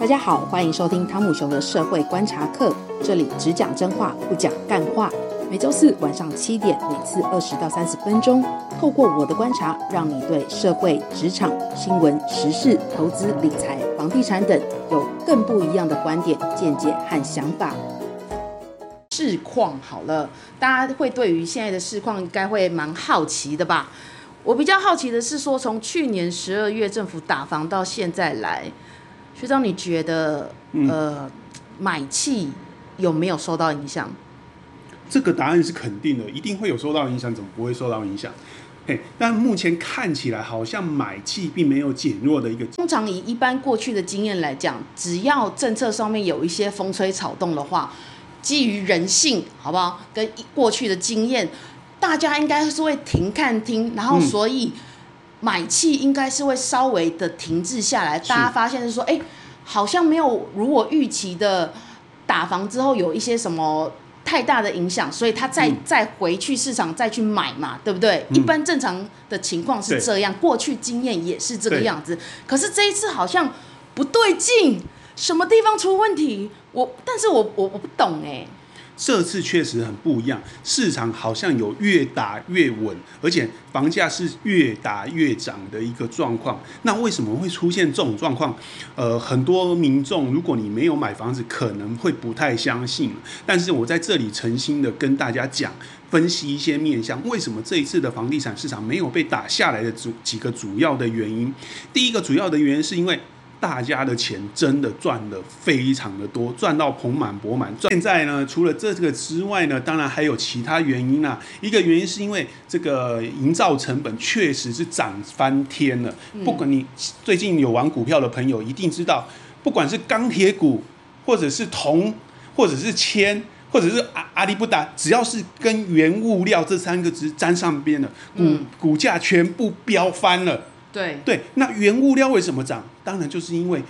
大家好，歡迎收聽湯姆熊的社會觀察課。這裡只講真話，不講幹話。每周四晚上七點，每次二十到三十分鐘，透過我的觀察，讓你對社會、職場、新聞、時事、投資、理財、房地產等有更不一樣的觀點、見解和想法。市況好了，大家會對於現在的市況應該會蠻好奇的吧？我比較好奇的是說，從去年十二月政府打房到現在來。學長，你覺得呃，嗯、買氣有沒有受到影響？這個答案是肯定的，一定會有受到影響，怎麼不會受到影響？嘿，但目前看起來好像買氣並沒有減弱的一個。通常以一般過去的經驗來講，只要政策上面有一些風吹草動的話，基於人性好不好？跟過去的經驗，大家應該是會停看聽，然後所以。嗯買氣應該是會稍微的停滯下來，大家發現就是說，哎是、欸，好像沒有如我預期的打房之後有一些什麼太大的影響，所以他再、嗯、再回去市場再去買嘛，對不對？嗯、一般正常的情況是這樣，對過去經驗也是這個樣子，對可是這一次好像不對勁，什麼地方出問題？我，但是我我我不懂哎、欸。這次確實很不一樣，市場好像有越打越穩，而且房價是越打越漲的一個狀況。那為什麼會出現這種狀況？呃，很多民眾，如果你沒有買房子，可能會不太相信。但是我在這裡誠心的跟大家講，分析一些面向，為什麼這一次的房地產市場沒有被打下來的主幾個主要的原因。第一個主要的原因是因為。大家的錢真的賺得非常的多，賺到盆滿鉢滿。現在呢，除了這個之外呢，當然還有其他原因啊。一個原因是因為這個營造成本確實是漲翻天了。不管你最近有玩股票的朋友一定知道，嗯。不管是鋼鐵股，或者是銅，或者是鉛，或者是阿阿里不達，只要是跟原物料這三個字沾上邊的，股股價全部飆翻了。對對，那原物料為什麼漲？當然就是因為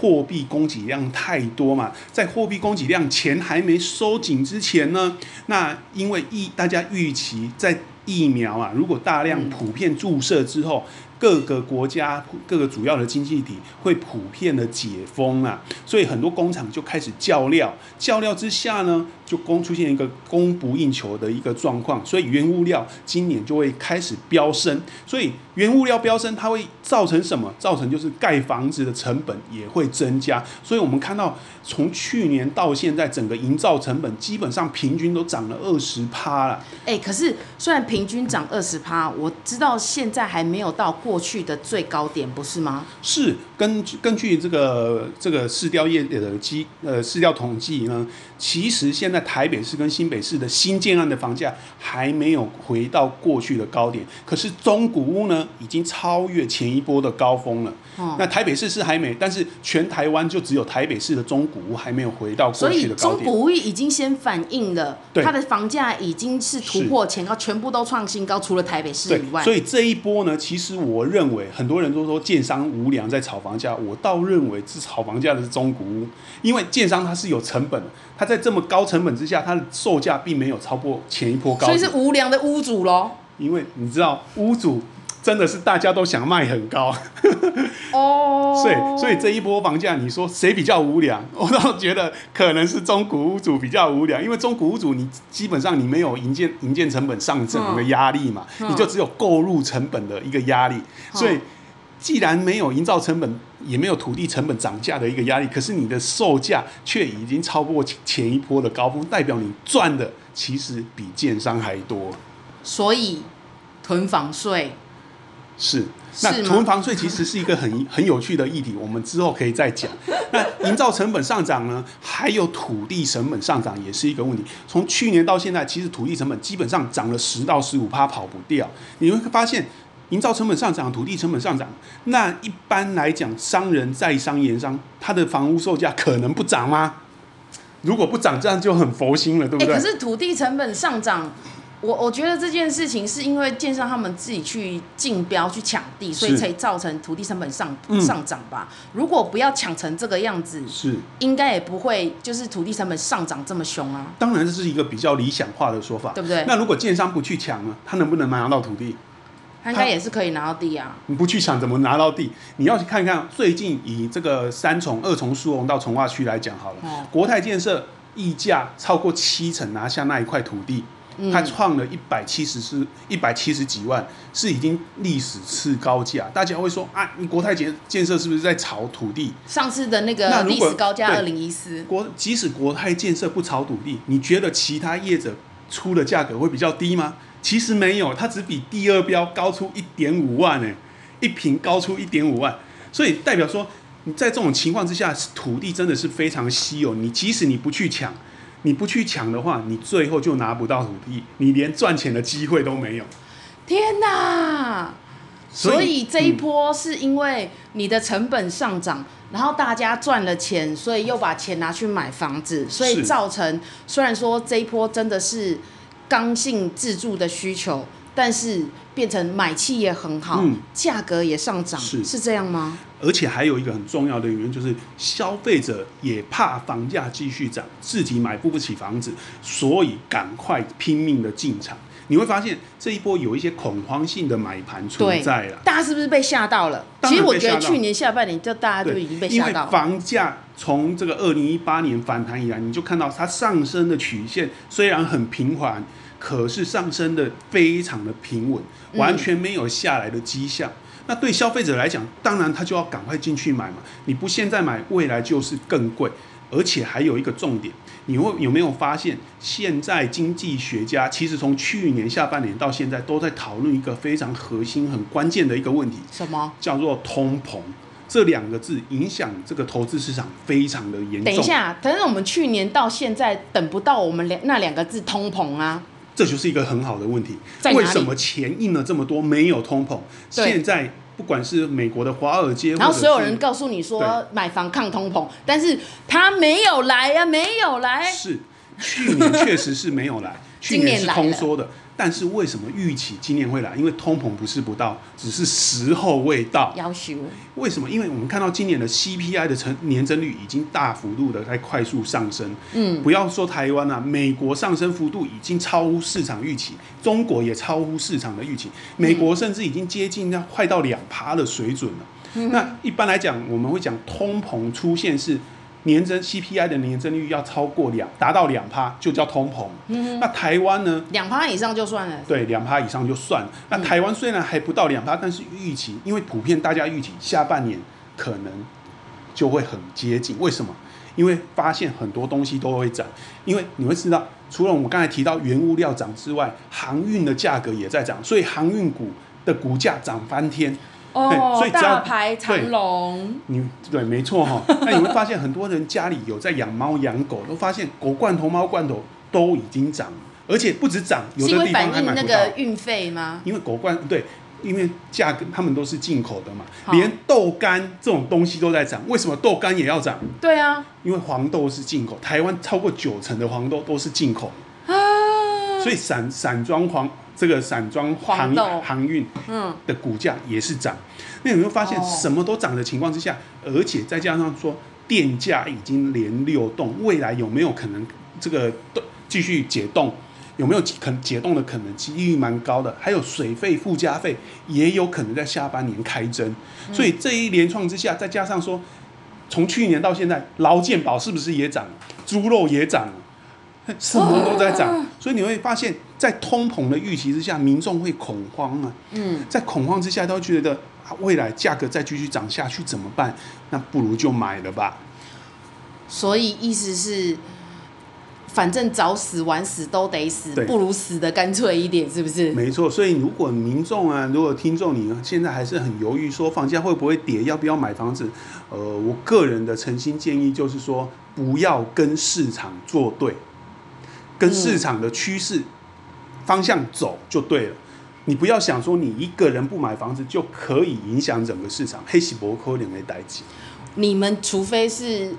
貨幣供給量太多嘛，在貨幣供給量錢還沒收緊之前呢，那因為疫大家預期在疫苗啊，如果大量普遍注射之後。各個國家各個主要的經濟體會普遍的解封啊。所以很多工廠就開始叫料，叫料之下呢，就供出現一個供不應求的一個狀況，所以原物料今年就會開始飆升，所以原物料飆升，它會造成什麼？造成就是蓋房子的成本也會增加，所以我們看到從去年到現在，整個營造成本基本上平均都漲了二十趴了。哎、啊欸，可是雖然平均漲二十趴，我知道現在還沒有到過過去的最高點不是嗎？是根據根據這個這個市調業的機、呃、市調統計呢。其實現在台北市跟新北市的新建案的房價還沒有回到過去的高點，可是中古屋呢已經超越前一波的高峰了。那台北市是還沒，但是全台灣就只有台北市的中古屋還沒有回到過去的高點。所以中古屋已經先反映了它的房價已經是突破前高，全部都創新高，除了台北市以外。所以這一波呢，其實我認為很多人都說建商無良在炒房價，我倒認為是炒房價的是中古屋，因為建商它是有成本的，它在。在這麼高成本之下，它的售價並沒有超過前一波高，所以是無良的屋主嘍。因為你知道，屋主真的是大家都想賣很高， 哦，所以所以這一波房價，你說誰比較無良？我倒覺得可能是中古屋主比較無良，因為中古屋主你基本上你沒有營建營建成本上漲的壓力嘛，嗯嗯、你就只有購入成本的一個壓力，所以。嗯既然沒有營造成本，也沒有土地成本漲價的一個壓力，可是你的售價卻已經超過前一波的高峰，代表你賺的其實比建商還多。所以囤房稅是，那囤嗎房稅其實是一個很很有趣的議題，我們之後可以再講。那營造成本上漲呢，還有土地成本上漲也是一個問題。從去年到現在，其實土地成本基本上漲了十到十五趴，跑不掉。你會發現。營造成本上漲，土地成本上漲，那一般來講，商人、在商言商，他的房屋售價可能不漲嗎？如果不漲，這樣就很佛心了，對不對？欸、可是土地成本上漲，我我覺得這件事情是因為建商他們自己去競標去搶地，所以才造成土地成本上、嗯、上漲吧。如果不要搶成這個樣子，是應該也不會就是土地成本上漲這麼兇啊。當然這是一個比較理想化的說法，對不對？那如果建商不去搶呢，他能不能拿到土地？他應該也是可以拿到地啊。你不去想怎麼拿到地，你要去看看最近以這個三重、二重疏洪道重劃區來講好了。嗯、國泰建設溢價超過七成拿下那一塊土地，它創了一百七十是一百七十幾萬，是已經歷史次高價。大家會說啊，你國泰建建設是不是在炒土地？上次的那個歷史高價二零一四。國即使國泰建設不炒土地，你覺得其他業者出的價格會比較低嗎？其實沒有，它只比第二標高出一點五萬呢，一坪高出一點五萬，所以代表說，你在這種情況之下，土地真的是非常稀有。你即使你不去搶，你不去搶的話，你最後就拿不到土地，你連賺錢的機會都沒有。天哪！所以這一波是因為你的成本上漲，嗯、然後大家賺了錢，所以又把錢拿去買房子，是所以造成雖然說這一波真的是。剛性自住的需求，但是變成買氣也很好，嗯、價格也上漲，是，是這樣嗎？而且還有一個很重要的原因，就是消費者也怕房價繼續漲，自己買不起房子，所以趕快拼命的進場。你會發現這一波有一些恐慌性的買盤存在了，大家是不是被嚇到了？到了其實我覺得去年下半年就大家都已經被嚇到了。因為房價從這個二零一八年反彈以來，你就看到它上升的曲線雖然很平緩，可是上升的非常的平穩，嗯、完全沒有下來的跡象。那對消費者來講，當然他就要趕快進去買嘛，你不現在買，未來就是更貴，而且還有一個重點。你會有沒有發現，現在經濟學家其實從去年下半年到現在都在討論一個非常核心、很關鍵的一個問題，什麼叫做通膨。這兩個字影響這個投資市場非常的嚴重。等一下，等一下，我們去年到現在等不到我們兩那兩個字通膨啊，這就是一個很好的問題。為什麼錢印了這麼多沒有通膨？對現在。不管是美國的華爾街，然後所有人告訴你說，買房抗通膨。對但是他沒有來呀、啊，沒有來。是，去年確實是沒有來。 去年，年是通縮的，但是為什麼預期今年會來？因為通膨不是不到，只是時候未到。要習為什麼？因為我們看到今年的 CPI 的成年增率已經大幅度的在快速上升。嗯，不要說台灣啊，美國上升幅度已經超乎市場預期，中國也超乎市場的預期，美國甚至已經接近要快到兩趴的水準了。嗯，那一般來講，我們會講通膨出現是。年增 CPI 的年增率要超過兩，達到兩趴就叫通膨。嗯，那台灣呢？兩趴以上就算了。對，兩趴以上就算了。嗯，那台灣雖然還不到兩趴，但是預期，因為普遍大家預期下半年可能就會很接近。為什麼？因為發現很多東西都會漲。因為你會知道，除了我們剛才提到原物料漲之外，航運的價格也在漲，所以航運股的股價漲翻天。哦、oh，所以大排長龍，對你對沒錯哈、哦。那 你會發現很多人家裡有在養貓養狗，都發現狗罐頭、貓罐頭都已經漲，而且不止漲，有的地方是因為反映那個運費嗎？因為狗罐，對，因為價格他們都是進口的嘛，好連豆乾這種東西都在漲，為什麼豆乾也要漲？對啊，因為黃豆是進口，台灣超過九成的黃豆都是進口 所以散散裝黃。這個散裝航航運的股價也是漲，那有沒有發現什麼都漲的情況之下，而且再加上說電價已經連六凍，未來有沒有可能這個繼續解凍？有沒有可能解凍的可能？幾率蠻高的。還有水費附加費也有可能在下半年開徵，所以這一連串之下，再加上說從去年到現在，勞健保是不是也漲？豬肉也漲，什麼都在漲，所以你會發現。在通膨的預期之下，民眾會恐慌啊！嗯，在恐慌之下，都覺得、啊、未來價格再繼續漲下去怎麼辦？那不如就買了吧。所以意思是，反正早死晚死都得死，對不如死得乾脆一點，是不是？沒錯。所以如果民眾啊，如果聽眾你現在還是很猶豫，說房價會不會跌，要不要買房子？呃，我個人的誠心建議就是說，不要跟市場作對，跟市場的趨勢。嗯。方向走就對了，你不要想說你一個人不買房子就可以影響整個市場，嘿係無可能的代誌。你們除非是。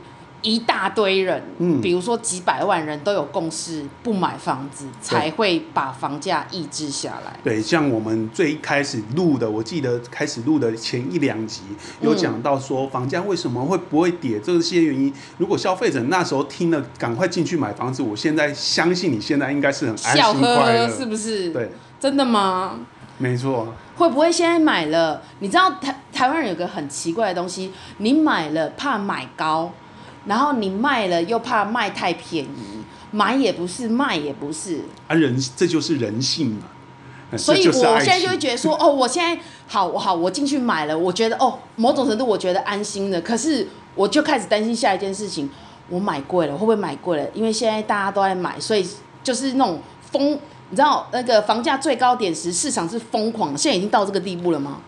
一大堆人，嗯、比如說幾百萬人都有共識不買房子，對才會把房價抑制下來。對，像我們最開始錄的，我記得開始錄的前一兩集有講到說房價為什麼會不會跌這些原因。嗯、如果消費者那時候聽了，趕快進去買房子，我現在相信你現在應該是很安心快樂，是不是？對，真的嗎？沒錯錯。會不會現在買了？你知道台台灣人有個很奇怪的東西，你買了怕買高。然後你賣了又怕賣太便宜，買也不是，賣也不是。啊人，這就是人性嘛。所以我現在就會覺得說，哦，我現在好，我好，我進去買了，我覺得哦，某種程度我覺得安心了。可是我就開始擔心下一件事情，我買貴了，會不會買貴了？因為現在大家都在買，所以就是那種瘋，你知道那個房價最高點時市場是瘋狂，現在已經到這個地步了嗎？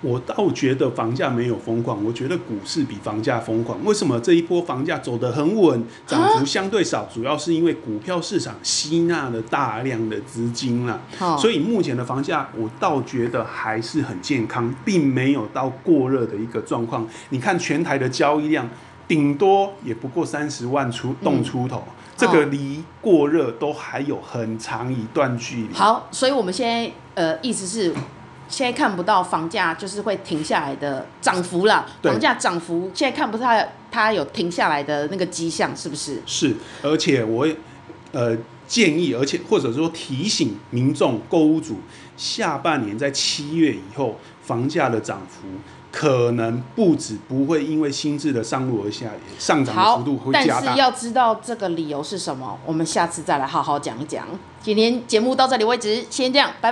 我倒覺得房價沒有瘋狂，我覺得股市比房價瘋狂。為什麼這一波房價走得很穩，漲幅、啊、相對少，主要是因為股票市場吸納了大量的資金了。哦、所以目前的房價我倒覺得還是很健康，並沒有到過熱的一個狀況。你看全台的交易量，頂多也不過三十萬出動出頭，嗯、這個離過熱都還有很長一段距離、哦。好，所以我們現在呃意思是。現在看不到房價就是會停下來的漲幅了，對，房價漲幅現在看不到它有停下來的那個跡象，是不是？是，而且我，呃，建議，而且或者說提醒民眾、購屋族下半年在七月以後，房價的漲幅可能不止不會因為新制的上路而下，上漲幅度會加大。好，但是要知道這個理由是什麼，我們下次再來好好講一講。今天節目到這裡為止，先這樣，拜拜。